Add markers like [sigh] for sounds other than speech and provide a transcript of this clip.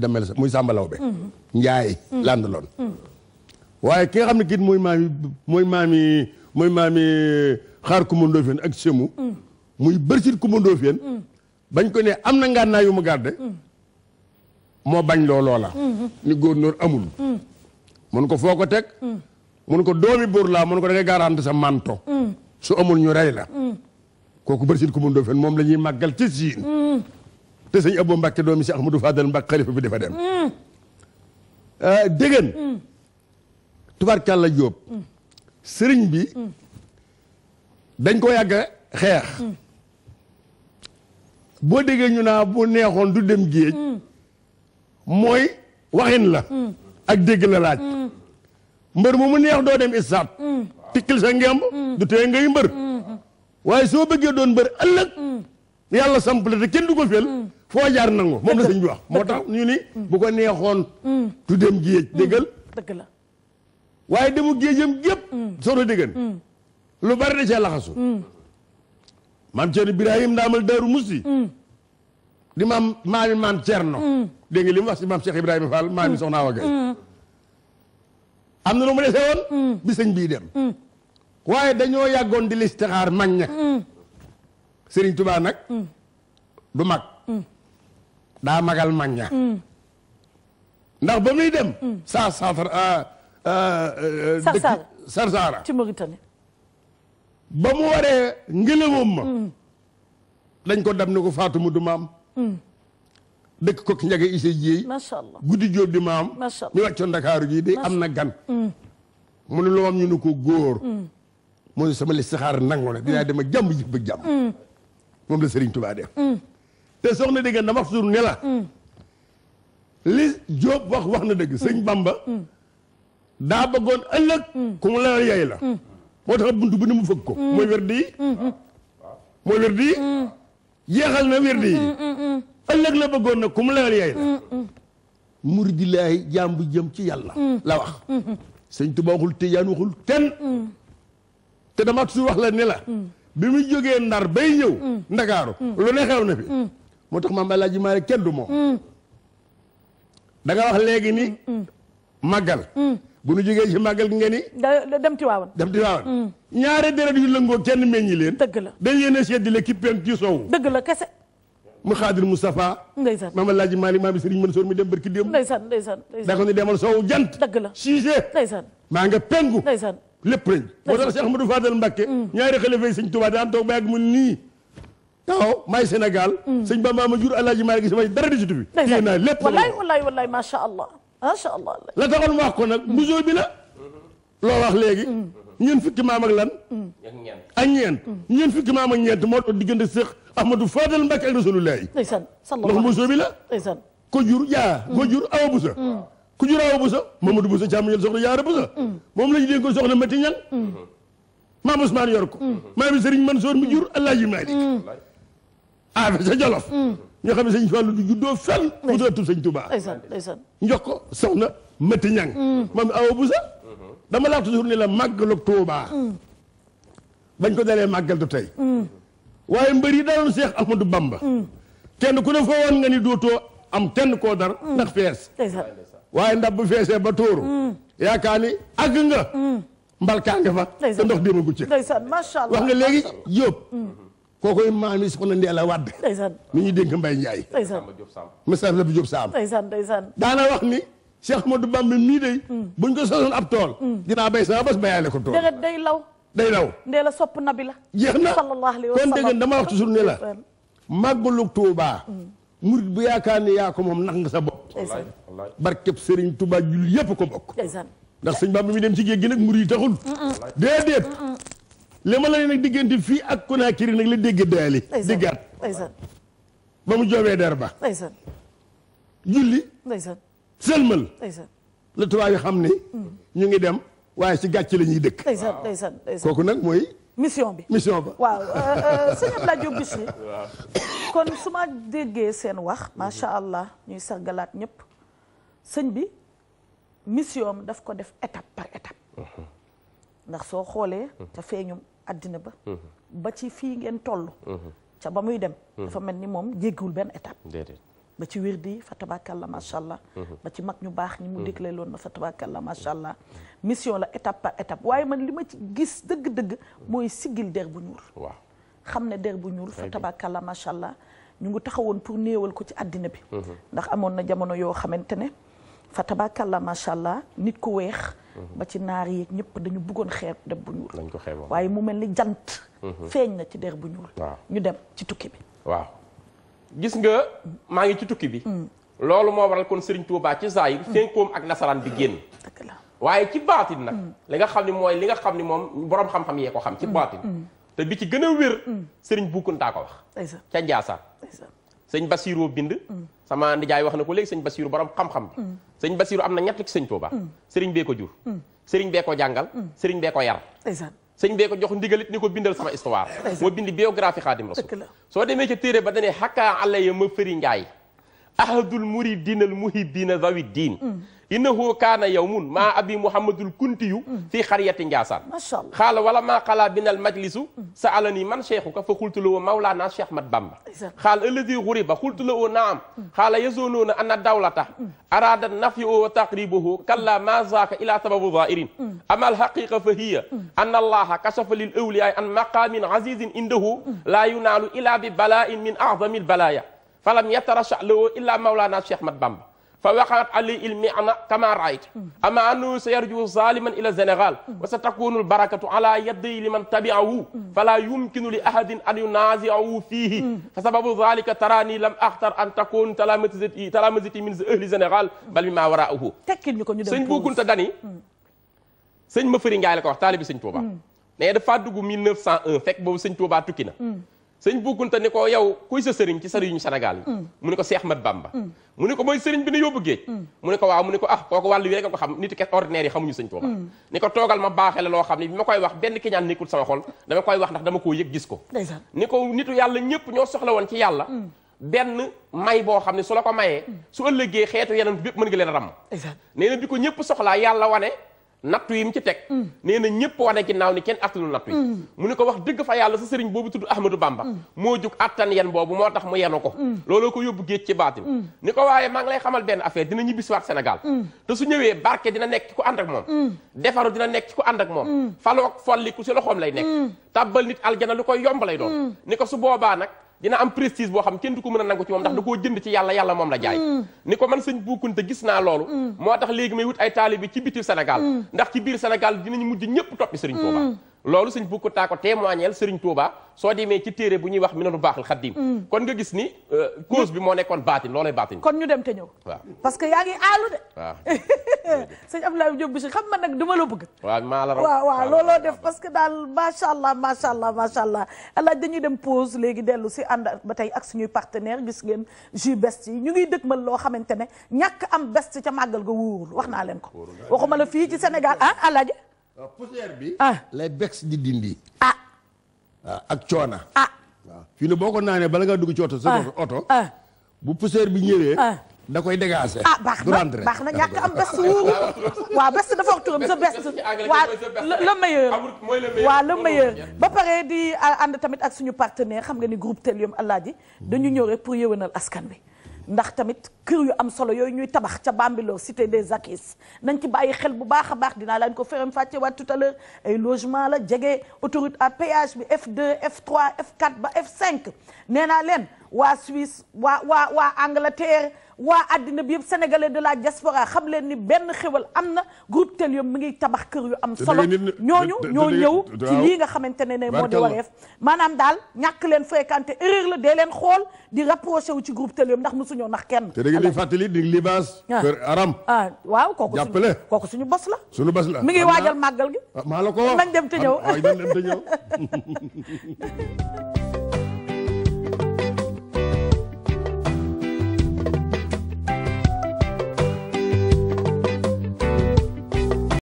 demel sa muy Samba Lawbe. Ndiaye landuloon waaye ki nga xam ne kit mooy maami mooy maami mooy maami xaar kumandoo fien ak semu muy bërsit kumandoo fien bañ ko ne am na ngànnaay yu mu garde moo bañ loo la ni góornóor amul mun ko foo ko teg mun ko doomi buur laa mun ko da ngay garante sa manto su amul ñu rey la kooku bërsit kumandoo fien moom lañuy ñuy màggal ci siin te sëñ Abo Mbacke doomi si Ahmadou Fadal Mbacke xalifa bi dafa dem. Mm. Euh, dégg nga. Mm. tubaarkàlla Jóob. Mm. sëriñ bi. dañ ko yàgg xeex. boo déggee ñu naa bu neexoon du dem géej. mooy waxin la. ak dégg la laaj. mbër mu mu neex doo dem ISRA. tikkil sa ngemb. du tee ngay mbër. waaye soo bëggee doon mbër ëllëg. yàlla samp te kenn du ko fel fo jaar nangu mom la señ bi wax motax ñu ni bu ko neexon du dem geej deegal deug la waye demu geejam gep solo deegal lu bari da cee laxasu man Cerno ibrahim ndaamal daru musi di mam mami man Cerno dégg nga lim wax si Cheikh ibrahim Fall mami soxna Awa Gaye am lu mu dese woon bi señ bi dem waye dañoo di listikhar magna serigne touba nak du daa magal mag ña mm. ndax ba muy dem mm. saa saafar euh, euh, euh, dëkk sarsaara ci Mauritanie ba mu waree ngëlëmam ma mm. dañ ko dam ne ko Faatumu du maam dëkk ko njaga isa jiey macha allah guddi jóob di maam ñu wàccoon ndakaaru ji day am na gan mu ne lu ñu ko góor mooy sama listixaar nangu na dinaa dem ak jàmm ji ba jàmm moom la Sëriñ Tuubaa def te soxna dégg dama wax ne la. Mm. li Diop wax wax na dëgg sëñ mm. Bamba. Mm. daa bëggoon ëllëg. ku mu la yey la. moo tax buntu bu ni mu fëgg ko. mooy werdi yi. Mm-hmm. mooy werdi yi. yeexal na werdi yi. Mm-hmm, mm-hmm. ëllëg la bëggoon nag ku mu la yey la. muridilaay jaam bu jëm ci yàlla. la wax. sëñ Tuba waxul te yaan waxul kenn. te dama su wax la ne la. bi mu jógee ndar bay ñëw. ndakaaru lu xew na fi. moo tax maam Alaaji Maalik kenn du moom. Mm. da nga wax léegi ni. Mm. màggal. Mm. bu nu jógee ci màggal gi ngeen ni. dem Tiwaawan dem Tiwaawan. ñaare deret yu lëngoo kenn meññi leen. dëgg leen a séddale ki penk ci soowu. dëgg la kese. mu xaadir Moustapha. ndeysaan maam Alaaji Maalik maam Serigne Mansour mi dem barki démb. ndeysaan ndeysaan da ko ni demal soowu jant. dëgg la Cissé. maa nga penku. ndeysaan lépp lañ. moo tax Cheikh Ahmadou Fadal Mbacké. ñaari xalifa yi Sëñ Tuubaa daan toog ba mu nii. waaw maay Sénégal. Mm. sëñ Bamba ma jur Alaaji Maalik gi samay dara di ci tubi. téye naa lépp wallaay wallaay wallaay macha allah macha allah. la wax ko nag musoo bi la. loo wax léegi. Mm. ñeent fukki maam ak lan. Mm. ak ñeent ak ñeent. ñeent fukki maam moo doon diggante Seex Ahmadou Fadal Mbàkke ak Rasulullaahi. ndeysaan ndax musoo bi la. ndeysaan ko jur jaa. ko jur awa busa. ku jur awa busa Mamadou busa càmm ñël soxna yaara busa. moom la ñu dénk ko soxna Mati Ñaŋ. maam Ousmane yor ko. maam Serigne Mansour mi jur afe sa jolof xam ne sëñ Fallou du juddoo fenn wutatu sëñ Touba ñu jox ko soxna Mati Ñang moom awa bu sa mm-hmm. dama laa toujours ni la màggalu Touba mm. bañ ko dalee màggal du tey mm. waaye mbër yi daloon Seex Ahmadou Bamba mm. kenn ku ne foo woon nga ni dootoo am kenn koo dar ndax fees waaye ndab bu feesee ba tuuru yaakaar ni àgg nga mbalkaa nga fa te ndox déemagu ci wax nga léegi Jóob kookoy maam yi soxna Ndella Wade. ndeysaan mi ñuy dénk Mbaye Ndiaye. ndeysaan Moussa Abdou Diop Sam. ndeysaan ndeysaan. daana wax ni. ma du Bamba mii de. Hmm. buñ ko sosoon ab tool. Hmm. dinaa bay sama bas bayaale ko tool. dëgg day law. day law Ndella sopp nabi la. jeex na kon dégg dama wax toujours ne la. màggalu Touba. Hmm. murit bu yaakaar ni yaa ko moom nax nga sa bopp. wallaahi wallaahi barkeb Serigne Touba jullit yëpp ko bokk. ndax sëñ Bamba mi dem ci géej gi nag murit yi taxul. déedéet. lima ma la ne nag diggante fii ak Conakry nag la dégg daali déggaat ba mu joobee der ba julli sëlmal la tubaab yi xam ni ñu dem waaye ci gàcc la mission bi mission ba waaw euh, euh, sëñ Abdoulaye [laughs] kon su ma déggee seen allah ñuy sargalaat ñëpp Senbi, bi mission daf ko def étape par étape mhm. ndax soo xoolee. Mhm. ca feeñum àddina ba. Mhm. ba ci fii ngeen toll. Mhm. ca ba muy dem. dafa mel ni moom jéggiwul benn étape. ba ci wir di fa tabakalla macha allah. ba ci mag ñu baax ñi mu dégle loon ba fa tabakalla macha allah. mission la étape par waaye man li ma ci gis dëgg-dëgg. mooy siggil der bu ñuul. waaw xam ne der bu ñuul fa tabakalla allah. ñu ngi taxawoon pour néewal ko ci àddina bi. ndax amoon na jamono yoo xamante ne fa tabakalla macha allah nit ku weex. ba ci naar yeeg ñëpp dañu bëggoon xeeb der bu ñuul. ko xeeboon waaye mu mel ni jant. Mhm. feeñ na ci der bu ñuul. ñu dem ci tukki bi. waaw gis nga maa ngi ci tukki bi. Mm. loolu moo waral kon sëriñ Touba ci Zahir. fenkoom mm. ak nasaraan bi génn. Mm. dëgg la waaye ci baatin nag. li nga xam ne mooy li nga xam ni moom boroom xam-xam yee ko xam ci baatin. te bi ci gën a wér. Serigne Boukounta ko wax. ca Ndiassane. sëñ Basirou bind. sama ndijaay wax na ko léegi sëñ Basirou borom xam-xam. sëñ Basirou am na ñett ci sëñ Touba. sëriñ bee ko jur. sëriñ bee ko jàngal. sëriñ bee ko yar. sëñ bee ko jox ndigalit ni ko bindal sama histoire. moo bind biographie Xaadim Rasul soo demee ca téere ba danee xakkaa alaya ma fëri njaay ahadul muridina al muhibina zawi diin innahu kaana yawmun maa abi muhammadul kuntiyu fii xariyati njaasaan macha allah xaala wala maa xalaa binal majlisu sa alani man cheikhuka fa xultu la woo mawlaana cheikh mat bamba xaal alladi xuriba xultu la woo naam xaala yazonoona anna dawlata araada nafyi o wa taqribahu kalla ma zaaka ila sababu zahirin ama alhaqiqa fa hiya anna allaha kachafa lil awliyaay an maqaamin azizin indahu laa yunaalu ila bi balaa in min azami albalaya falam yatarasha la woo illa mawlaana cheikh mat bamba فوقعت علي المعنى كما رأيت أما أنه سيرجو ظالما إلى الزنغال وستكون البركة على يدي لمن تبعه فلا يمكن لأحد أن ينازعه فيه فسبب ذلك تراني لم أختر أن تكون تلامذتي تلامذتي من أهل الزنغال بل مما وراءه sëñ bu Kunta dani sëñ Mafari Njaay la ko wax taalibi sëñ Touba ne 1901 fekk boobu sëñ Touba tukki sëñ bukkunta ni ko yow kuy sa sëriñ ci sëriñu Sénégal yi mm. mu ne ko Seex Mat Bamba mm. mu ne ko mooy sëriñ bi nu yóbbu géej mm. mu ne ko waaw mu ne ko ah kooku wàll wi rek a ko xam nit ki ordinaire yi xamuñu sëñ Tuuba ni ko toogal ma baaxee la loo xam ne bi ma koy wax benn ki ñaan nekkul sama xol dama koy wax ndax dama koo yëg gis ko ni ko nitu yàlla ñëpp ñoo soxla woon ci yàlla benn may boo xam ne su la ko mayee su ëllëgee xeetu yeneen bépp mën ngi leen a ram nee na wane nattu yi mu ci teg mm. nee na ñëpp wane ginnaaw ni kenn attanu nattu yi mm. mu ni ko wax dëgg fa yàlla sa sëriñ boobu tudd Ahmadou Bamba mm. moo jug attan yen boobu moo tax mu yenu ko looloo ko yóbbu géej ci baatin ni ko waaye maa ngi lay xamal benn affaire dina ñibbisiwaat Sénégal te su ñëwee barke dina nekk ci ku ànd moom defaru dina nekk ci ku ànd ak moom faloog folli ku si loxoom lay nekk tàbbal nit aljana li koy yomb lay doon ni ko su boobaa nag dina am prestige boo xam kenn du ko mën a nangu ci moom ndax da koo jënd ci yàlla yàlla moom la jaay mm. ni ko man sëñ buukunte gis naa loolu mm. moo tax léegi may wut ay taalibe ci biti Sénégal mm. ndax ci biir Sénégal dinañ mujj ñëpp toppi Sëriñ Tuuba loolu sëñ bukku taa ko témoignel sëriñ Touba soo demee ci téere bu ñuy wax mi nanu baaxal xaddim mm. kon nga gis ni euh, cause bi moo nekkoon baatin loolay baatin kon ñu dem te ñëw waaw parce que yaa ngi aalu de waaw [laughs] sëñ Abdoulaye Diop Bichri xam man nag dama la bugg waa maa la raw waaw waaw looloo def parce que daal macha allah macha allah macha allah alaaj dañuy dem pose léegi dellu si ànd ba tey ak suñuy partenaire gis ngeen jus best yi ñu ngiy dëgmal loo xamante ne ñàkk am best ca màggal ga wóorul wax naa leen ko waxuma la poussière bi. ah lay bex di dindi. ah. ah ak coona. ah waaw fii ne boo ko naanee bala ngaa dugg ci oto. sa ah. oto ah. bu poussière bi ñëwee. da koy dégager. ah baax na baax na ñàkk am best wóoru. waaw best dafa wax turam sa best. waa le meilleur. waaw le meilleur. ba pare di ànd tamit ak suñu partenaire xam nga ni groupe Telium Alaaji dañu ñëw rek pour yëwénal askan bi ndax tamit kër yu am solo yooyu ñuy tabax ca bambilo cité des Akis nañ ci bàyyi xel bu baax a baax dinaa leen ko ferem fàcce waat tout à l'heure ay logement la jege autoroute à péage bi F2 F3 F4 ba F5 nee naa leen waa Suisse waa waa waa Angleterre waa àddina bi yëpp sénégalais de la diaspora xam leen ni benn xéwal am na groupe Telium mu ngi tabax kër yu am solo ñooñu ñoo ñëw ci lii nga xamante ne ne moo di wareef maanaam daal ñàkk leen fréquenté erreur la dee leen xool di rapproché wu ci groupe Telium ndax mosuñoo nax kenn te da ngeen di fàttali di ah. aram ah, waaw kooku jàppale kooku suñu bos la suñu bos la mi ngi waajal màggal gi ah, maa la ko nañ dem te ñëw nañ dem te ñëw